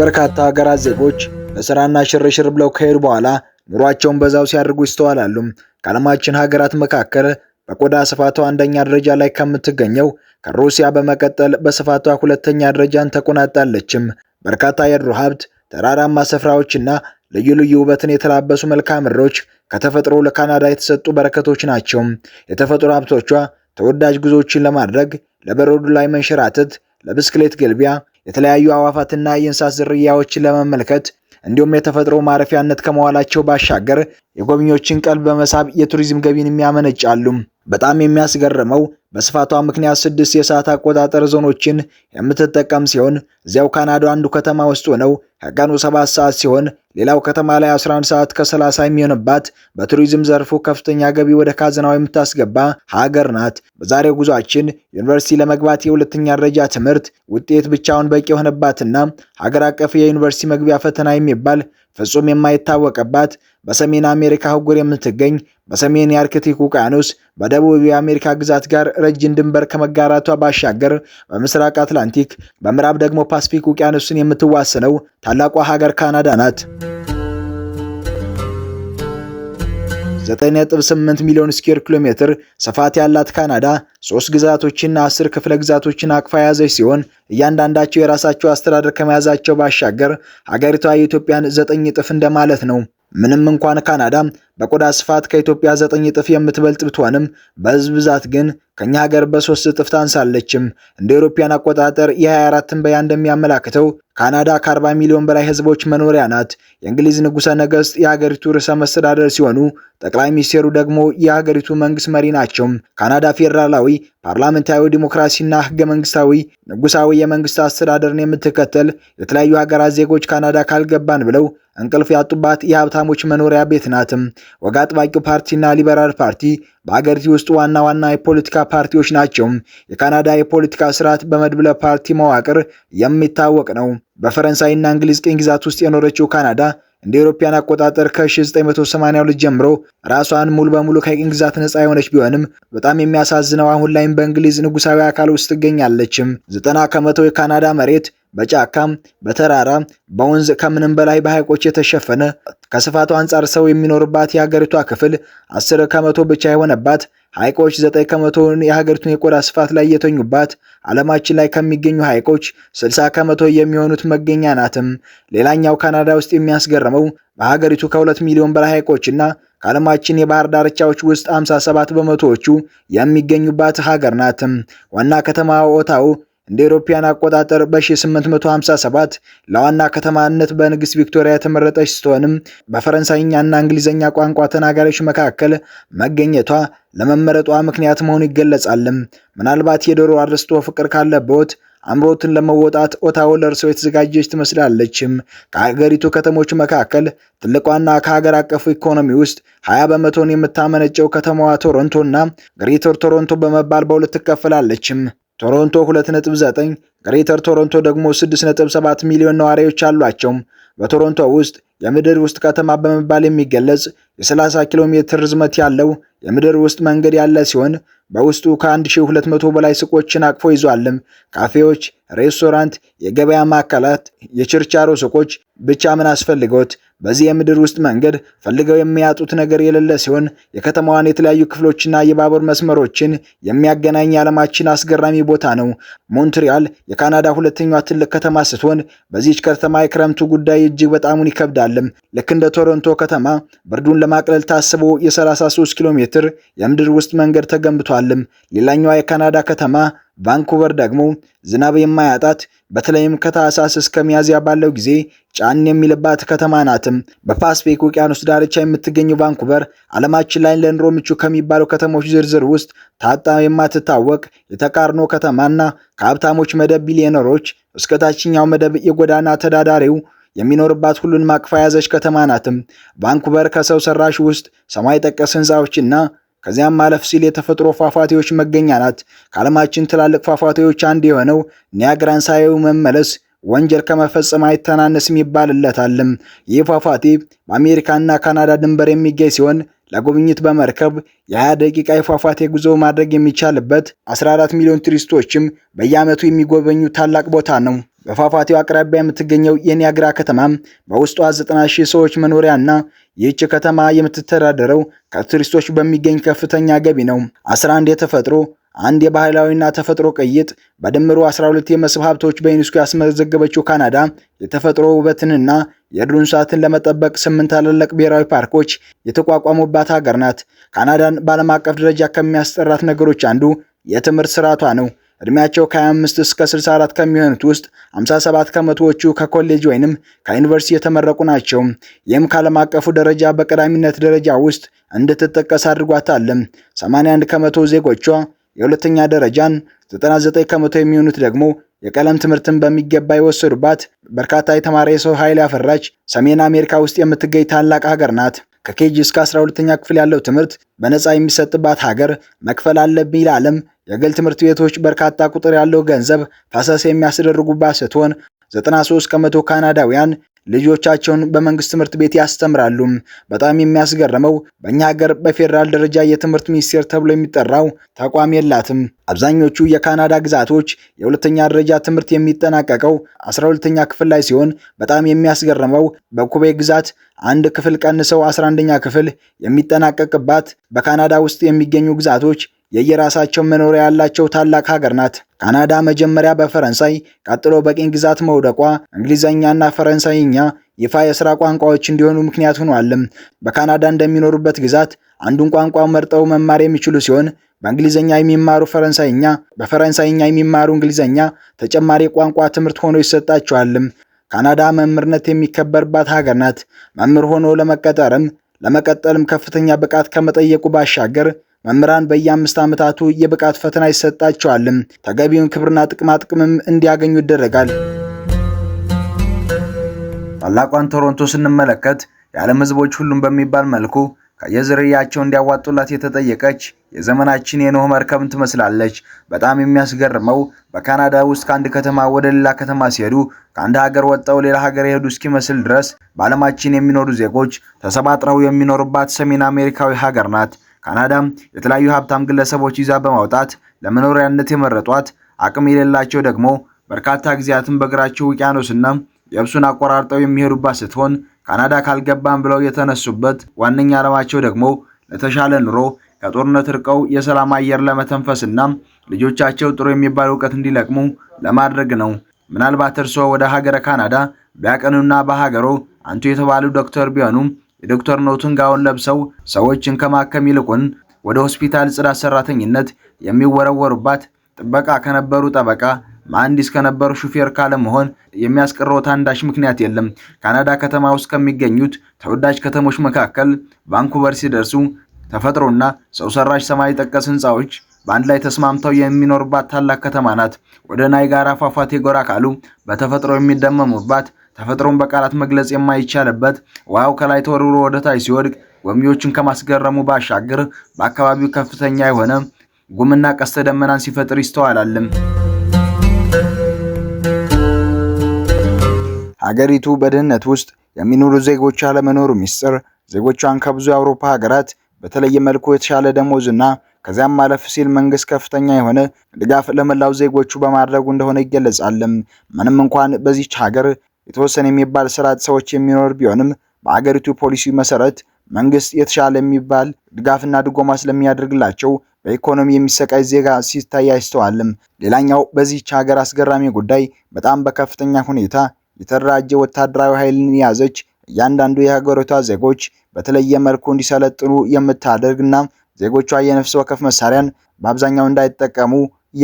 የበርካታ ሀገራት ዜጎች ለስራና ሽርሽር ብለው ከሄዱ በኋላ ኑሯቸውን በዛው ሲያደርጉ ይስተዋላሉ። ከዓለማችን ሀገራት መካከል በቆዳ ስፋቷ አንደኛ ደረጃ ላይ ከምትገኘው ከሩሲያ በመቀጠል በስፋቷ ሁለተኛ ደረጃን ተቆናጣለችም። በርካታ የድሮ ሀብት፣ ተራራማ ስፍራዎችና ልዩ ልዩ ውበትን የተላበሱ መልክዓ ምድሮች ከተፈጥሮ ለካናዳ የተሰጡ በረከቶች ናቸው። የተፈጥሮ ሀብቶቿ ተወዳጅ ጉዞዎችን ለማድረግ ለበረዶ ላይ መንሸራተት፣ ለብስክሌት ግልቢያ የተለያዩ አዋፋትና የእንስሳት ዝርያዎችን ለመመልከት እንዲሁም የተፈጥሮ ማረፊያነት ከመዋላቸው ባሻገር የጎብኚዎችን ቀልብ በመሳብ የቱሪዝም ገቢን የሚያመነጫሉ በጣም የሚያስገርመው በስፋቷ ምክንያት ስድስት የሰዓት አቆጣጠር ዞኖችን የምትጠቀም ሲሆን እዚያው ካናዳ አንዱ ከተማ ውስጥ ሆነው ከቀኑ 7 ሰዓት ሲሆን ሌላው ከተማ ላይ 11 ሰዓት ከ30 የሚሆንባት በቱሪዝም ዘርፉ ከፍተኛ ገቢ ወደ ካዝናው የምታስገባ ሀገር ናት። በዛሬው ጉዟችን ዩኒቨርሲቲ ለመግባት የሁለተኛ ደረጃ ትምህርት ውጤት ብቻውን በቂ የሆነባትና ሀገር አቀፍ የዩኒቨርሲቲ መግቢያ ፈተና የሚባል ፍጹም የማይታወቅባት በሰሜን አሜሪካ አህጉር የምትገኝ በሰሜን የአርክቲክ ውቅያኖስ በደቡብ የአሜሪካ ግዛት ጋር ረጅም ድንበር ከመጋራቷ ባሻገር በምስራቅ አትላንቲክ፣ በምዕራብ ደግሞ ፓስፊክ ውቅያኖስን የምትዋስነው ታላቋ ሀገር ካናዳ ናት። 9.8 ሚሊዮን ስኩዌር ኪሎ ሜትር ስፋት ያላት ካናዳ ሶስት ግዛቶችና አስር ክፍለ ግዛቶችን አቅፋ የያዘች ሲሆን እያንዳንዳቸው የራሳቸው አስተዳደር ከመያዛቸው ባሻገር ሀገሪቷ የኢትዮጵያን ዘጠኝ እጥፍ እንደማለት ነው። ምንም እንኳን ካናዳ በቆዳ ስፋት ከኢትዮጵያ ዘጠኝ እጥፍ የምትበልጥ ብትሆንም በህዝብ ብዛት ግን ከኛ ሀገር በሶስት እጥፍ ታንሳለችም። እንደ ኤሮፓያን አቆጣጠር የ24 ትንበያ እንደሚያመላክተው ካናዳ ከ40 ሚሊዮን በላይ ህዝቦች መኖሪያ ናት። የእንግሊዝ ንጉሠ ነገሥት የሀገሪቱ ርዕሰ መስተዳደር ሲሆኑ ጠቅላይ ሚኒስቴሩ ደግሞ የሀገሪቱ መንግስት መሪ ናቸው። ካናዳ ፌዴራላዊ ፓርላሜንታዊ ዲሞክራሲና ህገ መንግስታዊ ንጉሳዊ የመንግስት አስተዳደርን የምትከተል የተለያዩ ሀገራት ዜጎች ካናዳ ካልገባን ብለው እንቅልፍ ያጡባት የሀብታሞች መኖሪያ ቤት ናትም። ወግ አጥባቂው ፓርቲና ሊበራል ፓርቲ በአገሪቱ ውስጥ ዋና ዋና የፖለቲካ ፓርቲዎች ናቸው። የካናዳ የፖለቲካ ስርዓት በመድብለ ፓርቲ መዋቅር የሚታወቅ ነው። በፈረንሳይና እንግሊዝ ቅኝ ግዛት ውስጥ የኖረችው ካናዳ እንደ አውሮፓውያን አቆጣጠር ከ1982 ጀምሮ ራሷን ሙሉ በሙሉ ከቅኝ ግዛት ነጻ የሆነች ቢሆንም በጣም የሚያሳዝነው አሁን ላይም በእንግሊዝ ንጉሳዊ አካል ውስጥ ትገኛለችም። 90 ከመቶ የካናዳ መሬት በጫካ በተራራ በወንዝ ከምንም በላይ በሐይቆች የተሸፈነ ከስፋቱ አንጻር ሰው የሚኖርባት የሀገሪቷ ክፍል 10 ከመቶ ብቻ የሆነባት ሐይቆች 9 ከመቶውን የሀገሪቱን የቆዳ ስፋት ላይ የተኙባት ዓለማችን ላይ ከሚገኙ ሐይቆች 60 ከመቶ የሚሆኑት መገኛ ናትም። ሌላኛው ካናዳ ውስጥ የሚያስገርመው በሀገሪቱ ከ2 ሚሊዮን በላይ ሐይቆችና ከዓለማችን የባህር ዳርቻዎች ውስጥ 57 በመቶዎቹ የሚገኙባት ሀገር ናትም። ዋና ከተማ ኦታው እንደ ኢሮፓያን አቆጣጠር በ1857 ለዋና ከተማነት በንግስት ቪክቶሪያ የተመረጠች ስትሆንም በፈረንሳይኛና እንግሊዝኛ ቋንቋ ተናጋሪዎች መካከል መገኘቷ ለመመረጧ ምክንያት መሆኑ ይገለጻልም። ምናልባት የዶሮ አርስቶ ፍቅር ካለበት አምሮትን ለመወጣት ኦታዎ ለእርሰው የተዘጋጀች ትመስላለችም። ከሀገሪቱ ከተሞች መካከል ትልቋና ከሀገር አቀፉ ኢኮኖሚ ውስጥ 20 በመቶን የምታመነጨው ከተማዋ ቶሮንቶና ግሬተር ቶሮንቶ በመባል በሁለት ትከፈላለችም። ቶሮንቶ 2.9 ግሬተር ቶሮንቶ ደግሞ 6.7 ሚሊዮን ነዋሪዎች አሏቸው። በቶሮንቶ ውስጥ የምድር ውስጥ ከተማ በመባል የሚገለጽ የ30 ኪሎ ሜትር ርዝመት ያለው የምድር ውስጥ መንገድ ያለ ሲሆን በውስጡ ከ1200 በላይ ሱቆችን አቅፎ ይዟልም። ካፌዎች፣ ሬስቶራንት፣ የገበያ ማዕከላት፣ የችርቻሮ ሱቆች ብቻ ምን አስፈልገውት በዚህ የምድር ውስጥ መንገድ ፈልገው የሚያጡት ነገር የሌለ ሲሆን የከተማዋን የተለያዩ ክፍሎችና የባቡር መስመሮችን የሚያገናኝ የዓለማችን አስገራሚ ቦታ ነው። ሞንትሪያል የካናዳ ሁለተኛዋ ትልቅ ከተማ ስትሆን በዚህች ከተማ የክረምቱ ጉዳይ እጅግ በጣሙን ይከብዳል። ተገልጿል። ልክ እንደ ቶሮንቶ ከተማ ብርዱን ለማቅለል ታስቦ የ33 ኪሎ ሜትር የምድር ውስጥ መንገድ ተገንብቷል። ሌላኛዋ የካናዳ ከተማ ቫንኩቨር ደግሞ ዝናብ የማያጣት በተለይም ከታህሳስ እስከ ሚያዝያ ባለው ጊዜ ጫን የሚልባት ከተማ ናትም። በፓስፊክ ውቅያኖስ ዳርቻ የምትገኘው ቫንኩቨር ዓለማችን ላይ ለኑሮ ምቹ ከሚባሉ ከተሞች ዝርዝር ውስጥ ታጣ የማትታወቅ የተቃርኖ ከተማና ከሀብታሞች መደብ ቢሊዮነሮች እስከ ታችኛው መደብ የጎዳና ተዳዳሪው የሚኖርባት ሁሉን ማቅፋ የያዘች ከተማ ናትም። ቫንኩቨር ከሰው ሰራሽ ውስጥ ሰማይ ጠቀስ ህንፃዎችና ከዚያም ማለፍ ሲል የተፈጥሮ ፏፏቴዎች መገኛ ናት። ከዓለማችን ትላልቅ ፏፏቴዎች አንዱ የሆነው ኒያግራን ሳየው መመለስ ወንጀል ከመፈጸም አይተናነስም ይባልለታልም። ይህ ፏፏቴ በአሜሪካና ካናዳ ድንበር የሚገኝ ሲሆን ለጉብኝት በመርከብ የ20 ደቂቃ የፏፏቴ ጉዞ ማድረግ የሚቻልበት 14 ሚሊዮን ቱሪስቶችም በየዓመቱ የሚጎበኙ ታላቅ ቦታ ነው። በፏፏቴው አቅራቢያ የምትገኘው የኒያግራ ከተማ በውስጧ 90 ሺህ ሰዎች መኖሪያና ይህች ከተማ የምትተዳደረው ከቱሪስቶች በሚገኝ ከፍተኛ ገቢ ነው። 11 የተፈጥሮ አንድ የባህላዊና ተፈጥሮ ቅይጥ በድምሩ 12 የመስህብ ሀብቶች በዩኒስኮ ያስመዘገበችው ካናዳ የተፈጥሮ ውበትንና የዱር እንስሳትን ለመጠበቅ ስምንት ታላላቅ ብሔራዊ ፓርኮች የተቋቋሙባት ሀገር ናት። ካናዳን በዓለም አቀፍ ደረጃ ከሚያስጠራት ነገሮች አንዱ የትምህርት ስርዓቷ ነው። እድሜያቸው ከ25 እስከ 64 ከሚሆኑት ውስጥ 57 ከመቶዎቹ ከኮሌጅ ወይንም ከዩኒቨርሲቲ የተመረቁ ናቸው። ይህም ከዓለም አቀፉ ደረጃ በቀዳሚነት ደረጃ ውስጥ እንድትጠቀስ አድርጓታል። 81 ከመቶ ዜጎቿ የሁለተኛ ደረጃን፣ 99 ከመቶ የሚሆኑት ደግሞ የቀለም ትምህርትን በሚገባ የወሰዱባት በርካታ የተማረ የሰው ኃይል ያፈራች ሰሜን አሜሪካ ውስጥ የምትገኝ ታላቅ ሀገር ናት። ከኬጂ እስከ 12ኛ ክፍል ያለው ትምህርት በነፃ የሚሰጥባት ሀገር መክፈል አለብኝ ለዓለም የግል ትምህርት ቤቶች በርካታ ቁጥር ያለው ገንዘብ ፈሰስ የሚያስደርጉባት ስትሆን 93 ከመቶ ካናዳውያን ልጆቻቸውን በመንግስት ትምህርት ቤት ያስተምራሉ። በጣም የሚያስገርመው በእኛ ሀገር በፌዴራል ደረጃ የትምህርት ሚኒስቴር ተብሎ የሚጠራው ተቋም የላትም። አብዛኞቹ የካናዳ ግዛቶች የሁለተኛ ደረጃ ትምህርት የሚጠናቀቀው 12 ኛ ክፍል ላይ ሲሆን በጣም የሚያስገርመው በኩቤ ግዛት አንድ ክፍል ቀንሰው 11ኛ ክፍል የሚጠናቀቅባት በካናዳ ውስጥ የሚገኙ ግዛቶች የየራሳቸው መኖሪያ ያላቸው ታላቅ ሀገር ናት። ካናዳ መጀመሪያ በፈረንሳይ ቀጥሎ በቅኝ ግዛት መውደቋ እንግሊዘኛና ፈረንሳይኛ ይፋ የስራ ቋንቋዎች እንዲሆኑ ምክንያት ሆኗልም። በካናዳ እንደሚኖሩበት ግዛት አንዱን ቋንቋ መርጠው መማር የሚችሉ ሲሆን በእንግሊዘኛ የሚማሩ ፈረንሳይኛ፣ በፈረንሳይኛ የሚማሩ እንግሊዘኛ ተጨማሪ ቋንቋ ትምህርት ሆኖ ይሰጣቸዋልም። ካናዳ መምህርነት የሚከበርባት ሀገር ናት። መምህር ሆኖ ለመቀጠርም ለመቀጠልም ከፍተኛ ብቃት ከመጠየቁ ባሻገር መምህራን በየአምስት ዓመታቱ የብቃት ፈተና ይሰጣቸዋል። ተገቢውን ክብርና ጥቅማ ጥቅምም እንዲያገኙ ይደረጋል። ታላቋን ቶሮንቶ ስንመለከት የዓለም ህዝቦች ሁሉም በሚባል መልኩ ከየዝርያቸው እንዲያዋጡላት የተጠየቀች የዘመናችን የኖህ መርከብን ትመስላለች። በጣም የሚያስገርመው በካናዳ ውስጥ ከአንድ ከተማ ወደ ሌላ ከተማ ሲሄዱ ከአንድ ሀገር ወጠው ሌላ ሀገር የሄዱ እስኪመስል ድረስ በዓለማችን የሚኖሩ ዜጎች ተሰባጥረው የሚኖሩባት ሰሜን አሜሪካዊ ሀገር ናት። ካናዳ የተለያዩ ሀብታም ግለሰቦች ይዛ በማውጣት ለመኖሪያነት የመረጧት፣ አቅም የሌላቸው ደግሞ በርካታ ጊዜያትን በእግራቸው ውቅያኖስና የብሱን አቆራርጠው የሚሄዱባት ስትሆን ካናዳ ካልገባም ብለው የተነሱበት ዋነኛ ዓላማቸው ደግሞ ለተሻለ ኑሮ ከጦርነት እርቀው የሰላም አየር ለመተንፈስና ልጆቻቸው ጥሩ የሚባል እውቀት እንዲለቅሙ ለማድረግ ነው። ምናልባት እርስዎ ወደ ሀገረ ካናዳ ቢያቀኑና በሀገሮ አንቱ የተባሉ ዶክተር ቢሆኑም የዶክተር ኖቱን ጋውን ለብሰው ሰዎችን ከማከም ይልቁን ወደ ሆስፒታል ጽዳት ሰራተኝነት የሚወረወሩባት ጥበቃ ከነበሩ ጠበቃ መሐንዲስ ከነበሩ ሹፌር ካለመሆን የሚያስቀረውት አንዳች ምክንያት የለም። ካናዳ ከተማ ውስጥ ከሚገኙት ተወዳጅ ከተሞች መካከል ቫንኩቨር ሲደርሱ ተፈጥሮና ሰው ሰራሽ ሰማይ ጠቀስ ህንፃዎች በአንድ ላይ ተስማምተው የሚኖርባት ታላቅ ከተማ ናት። ወደ ናይጋራ ፏፏቴ ጎራ ካሉ በተፈጥሮ የሚደመሙባት ተፈጥሮን በቃላት መግለጽ የማይቻልበት ውሃው ከላይ ተወርውሮ ወደታች ሲወድቅ ጎብኚዎችን ከማስገረሙ ባሻገር በአካባቢው ከፍተኛ የሆነ ጉምና ቀስተ ደመናን ሲፈጥር ይስተዋላልም። ሀገሪቱ በድህነት ውስጥ የሚኖሩ ዜጎች ለመኖሩ ሚስጥር ዜጎቿን ከብዙ የአውሮፓ ሀገራት በተለየ መልኩ የተሻለ ደሞዝና ከዚያም ማለፍ ሲል መንግስት ከፍተኛ የሆነ ድጋፍ ለመላው ዜጎቹ በማድረጉ እንደሆነ ይገለጻልም። ምንም እንኳን በዚች ሀገር የተወሰነ የሚባል ስርዓት ሰዎች የሚኖር ቢሆንም በአገሪቱ ፖሊሲ መሰረት መንግስት የተሻለ የሚባል ድጋፍና ድጎማ ስለሚያደርግላቸው በኢኮኖሚ የሚሰቃይ ዜጋ ሲታይ አይስተዋልም። ሌላኛው በዚህች ሀገር አስገራሚ ጉዳይ በጣም በከፍተኛ ሁኔታ የተደራጀ ወታደራዊ ኃይልን የያዘች እያንዳንዱ የሀገሪቷ ዜጎች በተለየ መልኩ እንዲሰለጥኑ የምታደርግና ዜጎቿ የነፍስ ወከፍ መሳሪያን በአብዛኛው እንዳይጠቀሙ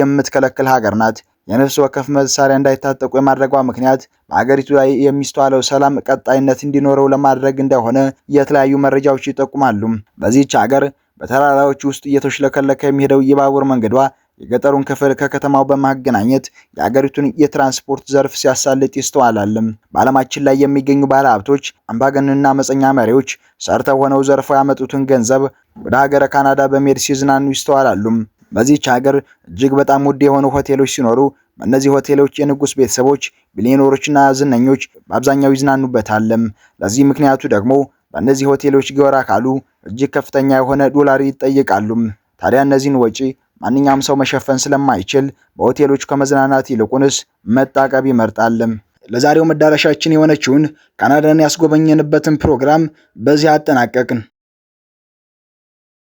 የምትከለክል ሀገር ናት። የነፍስ ወከፍ መሳሪያ እንዳይታጠቁ የማድረጓ ምክንያት በሀገሪቱ ላይ የሚስተዋለው ሰላም ቀጣይነት እንዲኖረው ለማድረግ እንደሆነ የተለያዩ መረጃዎች ይጠቁማሉ። በዚች ሀገር በተራራዎች ውስጥ እየተሽለከለከ የሚሄደው የባቡር መንገዷ የገጠሩን ክፍል ከከተማው በማገናኘት የአገሪቱን የትራንስፖርት ዘርፍ ሲያሳልጥ ይስተዋላል። በዓለማችን ላይ የሚገኙ ባለ ሀብቶች፣ አምባገንና መፀኛ መሪዎች ሰርተው ሆነው ዘርፈው ያመጡትን ገንዘብ ወደ ሀገረ ካናዳ በመሄድ ሲዝናኑ ይስተዋላሉ። በዚች ሀገር እጅግ በጣም ውድ የሆኑ ሆቴሎች ሲኖሩ በእነዚህ ሆቴሎች የንጉስ ቤተሰቦች፣ ቢሊዮነሮችና ዝነኞች በአብዛኛው ይዝናኑበታል ለዚህ ምክንያቱ ደግሞ በእነዚህ ሆቴሎች ጎራ ካሉ እጅግ ከፍተኛ የሆነ ዶላር ይጠይቃሉ ታዲያ እነዚህን ወጪ ማንኛውም ሰው መሸፈን ስለማይችል በሆቴሎች ከመዝናናት ይልቁንስ መጣቀብ ይመርጣል። ለዛሬው መዳረሻችን የሆነችውን ካናዳን ያስጎበኘንበትን ፕሮግራም በዚህ አጠናቀቅን።